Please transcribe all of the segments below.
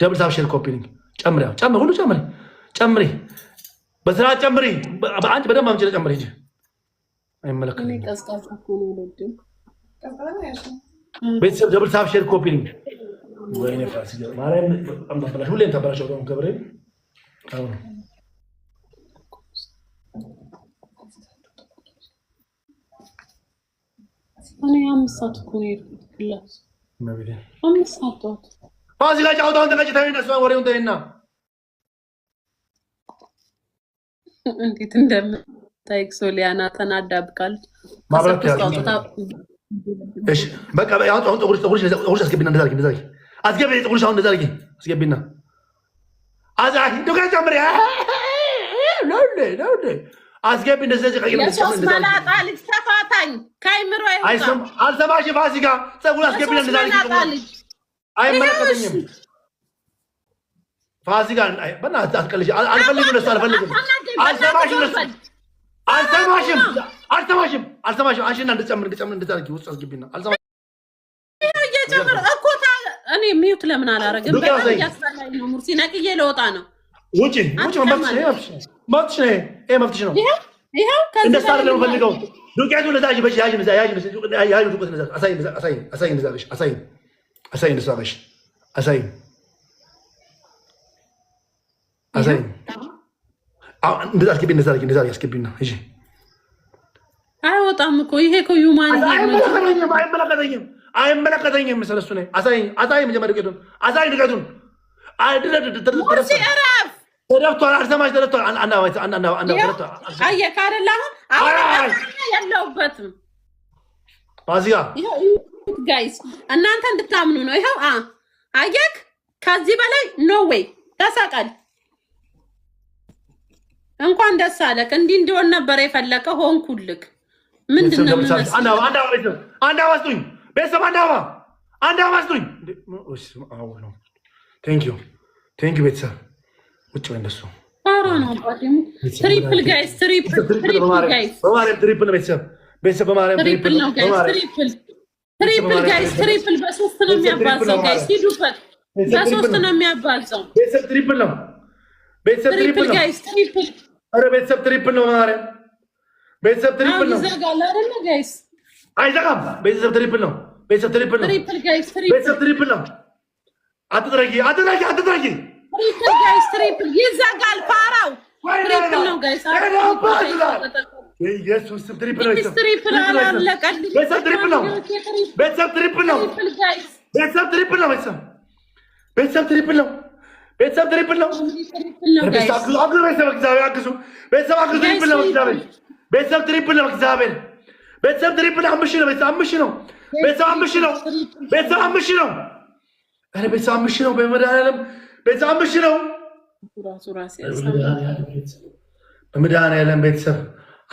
ደብል ታብ ሼር ኮፒ ሊንክ ጨምሪ፣ ጨምሪ፣ ሁሉ ጨምሪ፣ ጨምሪ፣ በስርዓት ጨምሪ። በአንድ በደንብ አምጪ፣ ጨምሪ እንጂ አይመለከትም። ቤተሰብ ደብል ታብ ሼር ኮፒ ሊንክ። ወይኔ ፋሲ ማርያም በጣም ታበላሽ፣ ሁሌም ታበላሸው። ደግሞ ገብርኤል አሁን እኔ አምስት ሰዓት እኮ ነው የሄድኩት ክላስ አምስት ሰዓት ጠዋት ፋሲካ ጫውታውን ተቀጭ ተይና፣ ወሬውን ተይና፣ እንዴት እንደምታይቅ ሶሊያና ተናዳብቃለች። በቃ አሁን ፀጉርሽ አስገቢና፣ እንደዛ አድርጊ፣ እንደዛ አድርጊ፣ አስገቢ ፀጉርሽ አሁን እንደዛ አድርጊ፣ አስገቢና አዛሂ ዱጋ ጨምሪ አስገቢ እንደዚህ የሶስት መላጣ ልጅ ተፋታኝ ከአይምሮ አልሰማሽ ፋሲካ ፀጉር አስገቢ እንደዛ አድርጊ አይመለከተኝም። ፋሲካ በእናትህ አትቀልጂ። አልፈልግም፣ እነሱ አልፈልግም። አልሰማሽም፣ እነሱ አልሰማሽም፣ አልሰማሽም፣ አልሰማሽም። አንቺ እንድጨምር እንድጨምር እንድታደርጊ ውስጥ አስገቢና አልሰማሽም እኮ እኔ ሚዩት ለምን አላረግም? በጣም እያስጠላኝ ነው። ሙርሲ ነቅዬ ለወጣ ነው። ውጪ ውጪ፣ መብትሽ ነው። ይሄ መብትሽ ነው። ይኸው እንደሱ አይደለም እምፈልገው ዱቄቱን ለዛ ያዥ ያዥ ያዥ ያዥ ዱቄት ለዛ አሳይን አሳይን አሳይን ለዛ አሳይን አሳይ እንደሳቀሽ አሳይ አሳይ እንደዛ አስገቢ እንደዛ እ አይወጣም እኮ ይሄ እኮ ዩማን አይመለከተኝም፣ አይመለከተኝም መጀመሪያ ተደፍቷል። አልሰማሽ ተደፍቷል። አየህ አሁን ጋይስ እናንተ እንድታምኑ ነው። ይኸው አ አየክ ከዚህ በላይ ኖ ዌይ ተሳቀል። እንኳን ደስ አለክ። እንዲህ እንዲሆን ነበር የፈለከ ሆንኩልክ። ምንድን ነው አንድ ቤተሰብ አንድ አባ አንድ አባስጡኝ። ቤተሰብ ውጭ ወይ እንደሱ ትሪፕል ጋይስ፣ ትሪፕል ጋይስ፣ ትሪፕል ነው ቤተሰብ፣ ቤተሰብ በማርያም ትሪፕል ነው ጋይስ፣ ትሪፕል ትሪፕል ጋይስ ትሪፕል በሶስት ነው የሚያባዛው። ጋይስ ሂዱበት፣ በሶስት ነው የሚያባዛው። ቤተሰብ ትሪፕል ነው። ቤተሰብ ትሪፕል ጋይስ ትሪፕል። ኧረ ቤተሰብ ትሪፕል ነው። ማርያም ቤተሰብ ትሪፕል ነው። ይዘጋል አይደለ ጋይስ? አይዘጋም። ቤተሰብ ትሪፕል ነው። ቤተሰብ ትሪፕል ነው። ትሪፕል ጋይስ ትሪፕል። ቤተሰብ ትሪፕል ነው። አትጥረጊ፣ አትጥረጊ፣ አትጥረጊ። ትሪፕል ጋይስ ትሪፕል ይዘጋል። ፋራው ትሪፕል ነው ጋይስ የኢየሱስ ትሪፕል ነው። ትሪፕል አላለቀል ቤተሰብ ትሪፕል ነው። ቤተሰብ ትሪፕል ነው። ቤተሰብ ትሪፕል ነው። ቤተሰብ ትሪፕል ነው። ቤተሰብ ትሪፕል ቤተሰብ እግዚአብሔር አግዙ። ቤተሰብ አግዙ። ትሪፕል ነው። እግዚአብሔር ቤተሰብ ትሪፕል ነው። እግዚአብሔር ቤተሰብ ትሪፕል አምሽ ነው። ቤተሰብ አምሽ ነው። ቤተሰብ አምሽ ነው። ቤተሰብ አምሽ ነው። ኧረ ቤተሰብ አምሽ ነው። በመድኃኒዓለም ቤተሰብ አምሽ ነው። በመድኃኒዓለም ቤተሰብ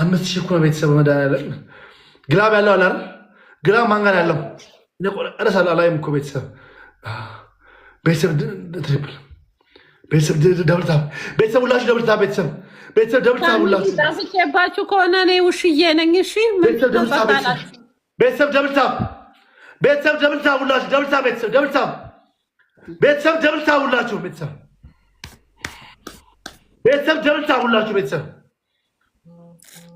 አምስት ሺህ እኮ ቤተሰብ መድኃኒዓለም ግላብ ያለው አላር ግላብ ማን ያለው ረሳ አላይም እኮ ቤተሰብ ቤተሰብ ትሪፕል ቤተሰብ ደብልታ ቤተሰብ ሁላችሁ ደብልታ ቤተሰብ ቤተሰብ ደብልታ ሁላችሁ ጣፍቼባችሁ ከሆነ እኔ ውሽዬ ነኝ። እሺ ቤተሰብ ደብልታ ቤተሰብ ደብልታ ቤተሰብ ደብልታ ሁላችሁ ደብልታ ቤተሰብ ደብልታ ቤተሰብ ደብልታ ሁላችሁ ቤተሰብ ቤተሰብ ደብልታ ሁላችሁ ቤተሰብ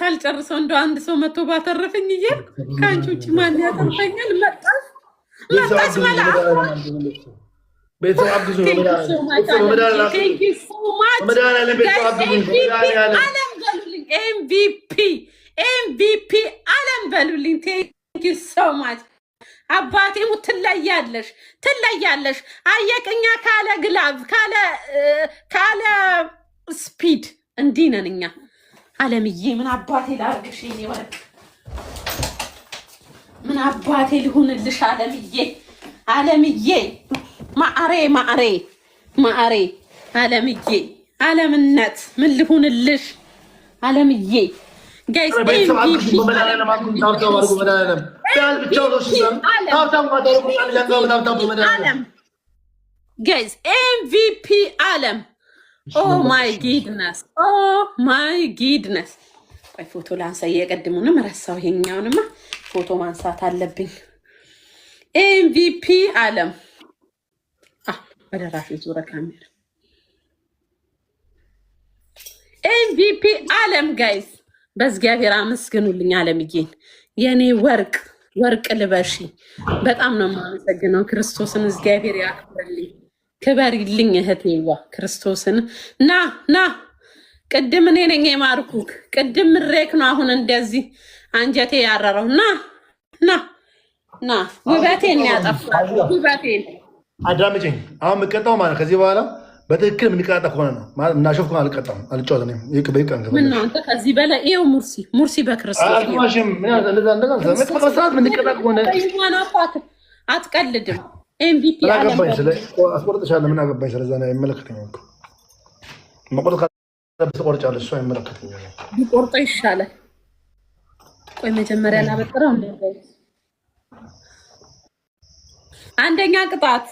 ሳልጨርሰው እንደ አንድ ሰው መቶ ባተረፈኝ እያልኩ ከአንቺ ውጭ ማን ያተርፈኛል? መጣሽ መጣሽ ኤምቪፒ አለም በሉልኝ። ቴንኪ ሰው ማች አባቴ ትለያለሽ ትለያለሽ። አየቅኛ ካለ ግላቭ ካለ ስፒድ እንዲህ ነን እኛ። አለምዬ ምን አባቴ ላርግሽ? ይሄ ወርቅ ምን አባቴ ልሁንልሽ? አለምዬ አለምዬ ማዕሬ ማዕሬ ማዕሬ አለምዬ አለምነት ምን ልሁንልሽ? አለምዬ ጋይስ ኤምቪፒ አለም ኦ ማይ ጊድነስ ኦ ማይ ጊድነስ። ቆይ ፎቶ ላንሳ። የቀድሙንም ረሳው፣ ይሄኛውንማ ፎቶ ማንሳት አለብኝ። ኤምቪፒ አለም በደራሽ ዙረ ካሜራ ኤምቪፒ አለም ጋይዝ፣ በእግዚአብሔር አመስግኑልኝ አለምዬን፣ የኔ ወርቅ ወርቅ ልበሺ። በጣም ነው የማመሰግነው። ክርስቶስን እግዚአብሔር ያክብርልኝ። ክበሪልኝ እህቴዋ ክርስቶስን ና ና ቅድም እኔ ነኝ የማርኩ ቅድም ምሬክ ነው። አሁን እንደዚህ አንጀቴ ያረረው ና ና ና ውበቴን ያጠፋል ውበቴን። አዳምጪኝ። አሁን የምቀጣው ማለት ከዚህ በኋላ በትክክል የምንቀጣ ከሆነ ነው። እናሾፍ ከሆነ አልቀጣም፣ አልጫወትም። ከዚህ በላይ ይኸው ሙርሲ ሙርሲ በክርስቶስ አትቀልድም። ኤምቪፒ አገባኝ ስለ ምን አገባኝ ስለዛ ነው እኮ መቆጥ ትቆርጫለሽ፣ እሱ አይመለከተኝም። ቢቆርጦ ይሻላል። ቆይ መጀመሪያ ላበጥረው። አንደኛ ቅጣት